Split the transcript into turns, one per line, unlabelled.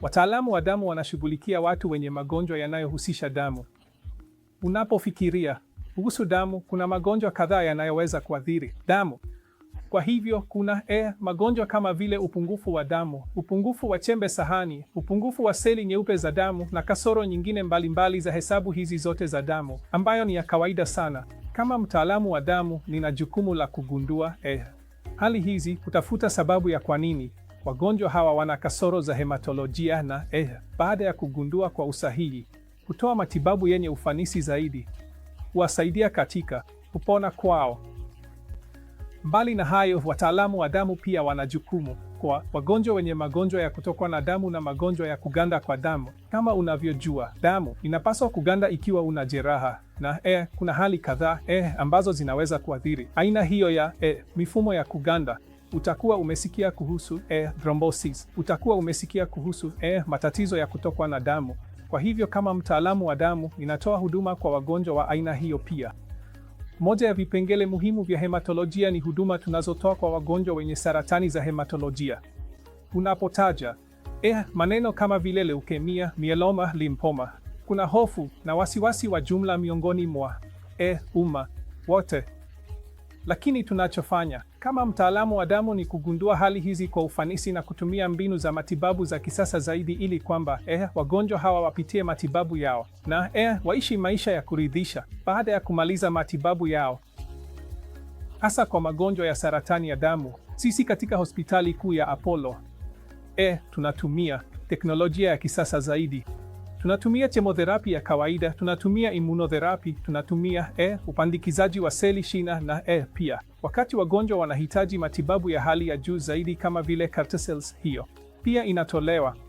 Wataalamu wa damu wanashughulikia watu wenye magonjwa yanayohusisha damu. Unapofikiria kuhusu damu, kuna magonjwa kadhaa yanayoweza kuathiri damu. Kwa hivyo kuna e, magonjwa kama vile upungufu wa damu, upungufu wa chembe sahani, upungufu wa seli nyeupe za damu na kasoro nyingine mbalimbali mbali za hesabu hizi zote za damu ambayo ni ya kawaida sana. Kama mtaalamu wa damu, nina jukumu la kugundua e, hali hizi, kutafuta sababu ya kwa nini Wagonjwa hawa wana kasoro za hematolojia na eh, baada ya kugundua kwa usahihi, kutoa matibabu yenye ufanisi zaidi huwasaidia katika kupona kwao. Mbali na hayo, wataalamu wa damu pia wana jukumu kwa wagonjwa wenye magonjwa ya kutokwa na damu na magonjwa ya kuganda kwa damu. Kama unavyojua, damu inapaswa kuganda ikiwa una jeraha na e, kuna hali kadhaa e, ambazo zinaweza kuathiri aina hiyo ya e, mifumo ya kuganda. Utakuwa umesikia kuhusu eh, thrombosis. Utakuwa umesikia kuhusu eh, matatizo ya kutokwa na damu. Kwa hivyo kama mtaalamu wa damu, ninatoa huduma kwa wagonjwa wa aina hiyo pia. Moja ya vipengele muhimu vya hematolojia ni huduma tunazotoa kwa wagonjwa wenye saratani za hematolojia. Unapotaja eh, maneno kama vile leukemia, mieloma, limpoma, kuna hofu na wasiwasi wa jumla miongoni mwa eh, umma wote. Lakini tunachofanya kama mtaalamu wa damu ni kugundua hali hizi kwa ufanisi na kutumia mbinu za matibabu za kisasa zaidi ili kwamba eh, wagonjwa hawa wapitie matibabu yao na eh, waishi maisha ya kuridhisha baada ya kumaliza matibabu yao. Hasa kwa magonjwa ya saratani ya damu, sisi katika hospitali kuu ya Apollo eh, tunatumia teknolojia ya kisasa zaidi. Tunatumia chemotherapy ya kawaida, tunatumia immunotherapy, tunatumia e, upandikizaji wa seli shina na e, pia wakati wagonjwa wanahitaji matibabu ya hali ya juu zaidi kama vile CAR T cells, hiyo pia inatolewa.